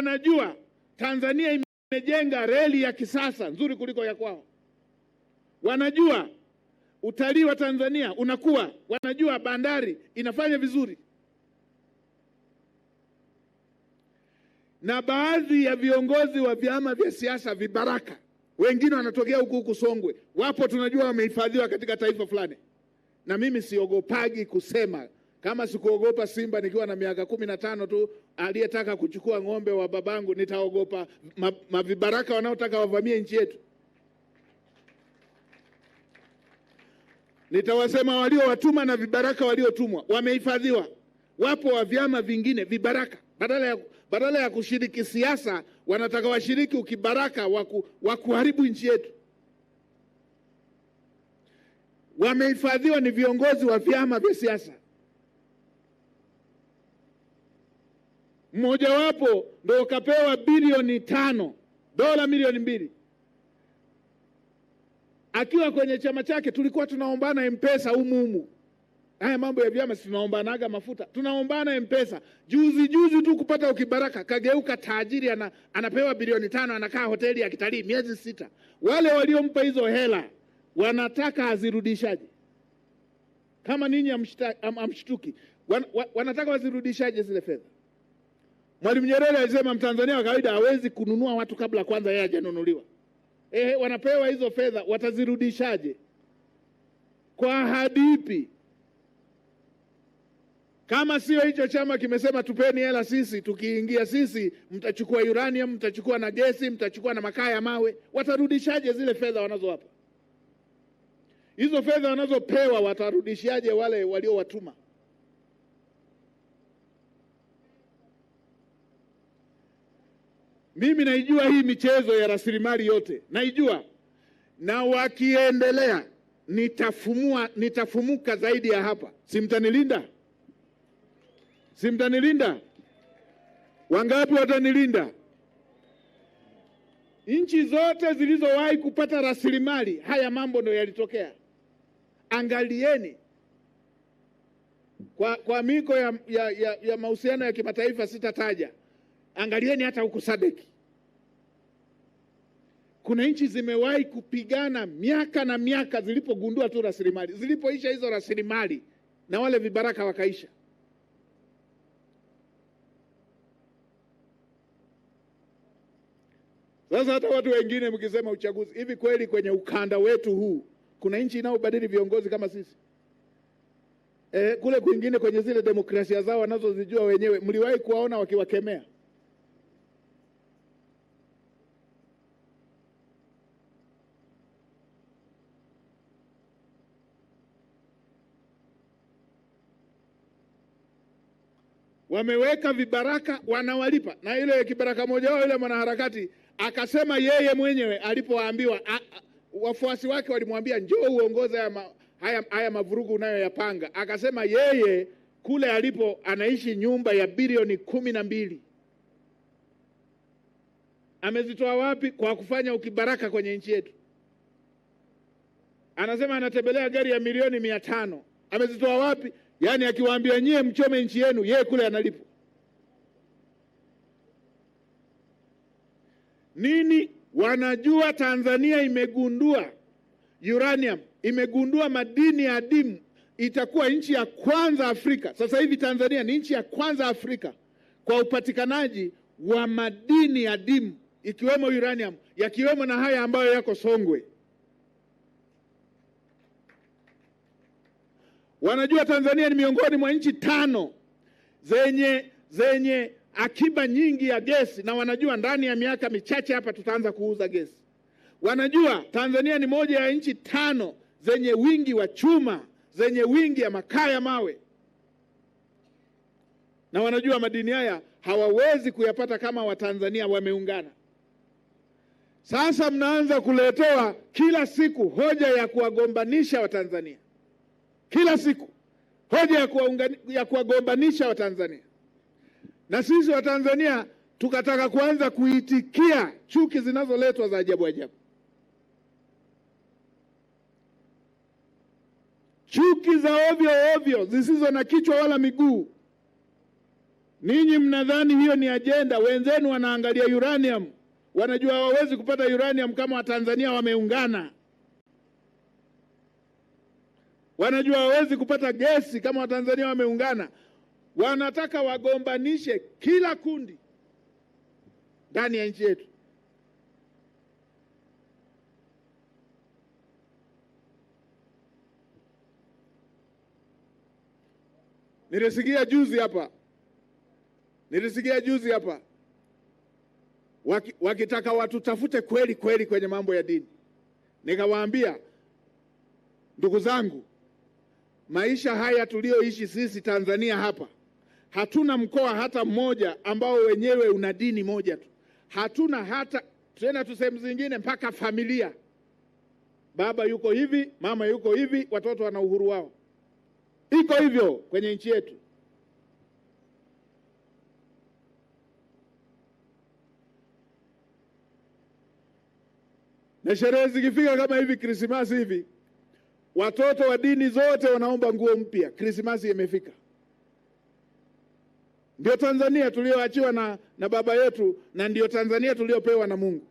wanajua Tanzania imejenga reli ya kisasa nzuri kuliko ya kwao. Wanajua utalii wa Tanzania unakuwa, wanajua bandari inafanya vizuri. Na baadhi ya viongozi wa vyama vya siasa vibaraka, wengine wanatokea huku huku Songwe, wapo tunajua wamehifadhiwa katika taifa fulani, na mimi siogopagi kusema kama sikuogopa simba nikiwa na miaka kumi na tano tu, aliyetaka kuchukua ng'ombe wa babangu nitaogopa mavibaraka wanaotaka wavamie nchi yetu? Nitawasema waliowatuma na vibaraka waliotumwa, wamehifadhiwa. Wapo wa vyama vingine vibaraka, badala ya, badala ya kushiriki siasa wanataka washiriki ukibaraka wa kuharibu nchi yetu. Wamehifadhiwa ni viongozi wa vyama vya siasa. mmojawapo ndo ukapewa bilioni tano dola milioni mbili akiwa kwenye chama chake. Tulikuwa tunaombana mpesa umuumu humu humu. Haya mambo ya vyama, situnaombanaga mafuta, tunaombana mpesa Juzi juzi tu kupata ukibaraka, kageuka taajiri ana, anapewa bilioni tano, anakaa hoteli ya kitalii miezi sita. Wale waliompa hizo hela wanataka azirudishaje? Kama ninyi amshtuki, wan, wa, wanataka wazirudishaje zile fedha? Mwalimu Nyerere alisema Mtanzania wa kawaida hawezi kununua watu kabla kwanza yeye hajanunuliwa. Eh, wanapewa hizo fedha, watazirudishaje? Kwa ahadi ipi? Kama sio hicho chama kimesema tupeni hela sisi, tukiingia sisi mtachukua uranium, mtachukua na gesi, mtachukua na makaa ya mawe, watarudishaje zile fedha wanazowapa? Hizo fedha wanazopewa watarudishaje wale waliowatuma? Mimi naijua hii michezo ya rasilimali yote naijua, na wakiendelea nitafumua, nitafumuka zaidi ya hapa. Simtanilinda? Simtanilinda? Wangapi watanilinda? Nchi zote zilizowahi kupata rasilimali, haya mambo ndio yalitokea. Angalieni kwa, kwa miko ya, ya, ya, ya mahusiano ya kimataifa sitataja Angalieni hata huku Sadeki, kuna nchi zimewahi kupigana miaka na miaka, zilipogundua tu rasilimali, zilipoisha hizo rasilimali na wale vibaraka wakaisha. Sasa hata watu wengine mkisema uchaguzi, hivi kweli kwenye ukanda wetu huu kuna nchi inayobadili viongozi kama sisi? E, kule kwingine kwenye zile demokrasia zao wanazozijua wenyewe, mliwahi kuwaona wakiwakemea? wameweka vibaraka wanawalipa, na ile kibaraka moja wao yule mwanaharakati akasema yeye mwenyewe alipoambiwa, wafuasi wake walimwambia njoo uongoze haya, ma, haya, haya mavurugu unayoyapanga. Akasema yeye kule alipo anaishi nyumba ya bilioni kumi na mbili. Amezitoa wapi? Kwa kufanya ukibaraka kwenye nchi yetu. Anasema anatembelea gari ya milioni mia tano. Amezitoa wapi? Yaani akiwaambia nyie mchome nchi yenu, yeye kule analipo nini? Wanajua Tanzania imegundua uranium, imegundua madini ya adimu, itakuwa nchi ya kwanza Afrika. Sasa hivi Tanzania ni nchi ya kwanza Afrika kwa upatikanaji wa madini ya adimu ikiwemo uranium, yakiwemo na haya ambayo yako Songwe. Wanajua Tanzania ni miongoni mwa nchi tano zenye zenye akiba nyingi ya gesi, na wanajua ndani ya miaka michache hapa tutaanza kuuza gesi. Wanajua Tanzania ni moja ya nchi tano zenye wingi wa chuma, zenye wingi ya makaa ya mawe, na wanajua madini haya hawawezi kuyapata kama Watanzania wameungana. Sasa mnaanza kuletewa kila siku hoja ya kuwagombanisha Watanzania kila siku hoja ya kuwagombanisha Watanzania na sisi Watanzania tukataka kuanza kuitikia chuki zinazoletwa za ajabu ajabu. Chuki za ovyo ovyo zisizo na kichwa wala miguu. Ninyi mnadhani hiyo ni ajenda, wenzenu wanaangalia uranium, wanajua hawawezi kupata uranium kama Watanzania wameungana wanajua hawawezi kupata gesi kama Watanzania wameungana. Wanataka wagombanishe kila kundi ndani ya nchi yetu. Nilisikia juzi hapa, nilisikia juzi hapa waki, wakitaka watutafute kweli kweli kwenye mambo ya dini. Nikawaambia ndugu zangu, Maisha haya tuliyoishi sisi Tanzania hapa, hatuna mkoa hata mmoja ambao wenyewe una dini moja tu. Hatuna hata tena tu, sehemu zingine mpaka familia, baba yuko hivi, mama yuko hivi, watoto wana uhuru wao. Iko hivyo kwenye nchi yetu. na sherehe zikifika kama hivi Krismasi hivi Watoto wa dini zote wanaomba nguo mpya, Krismasi imefika. Ndio Tanzania tuliyoachiwa na, na baba yetu, na ndio Tanzania tuliyopewa na Mungu.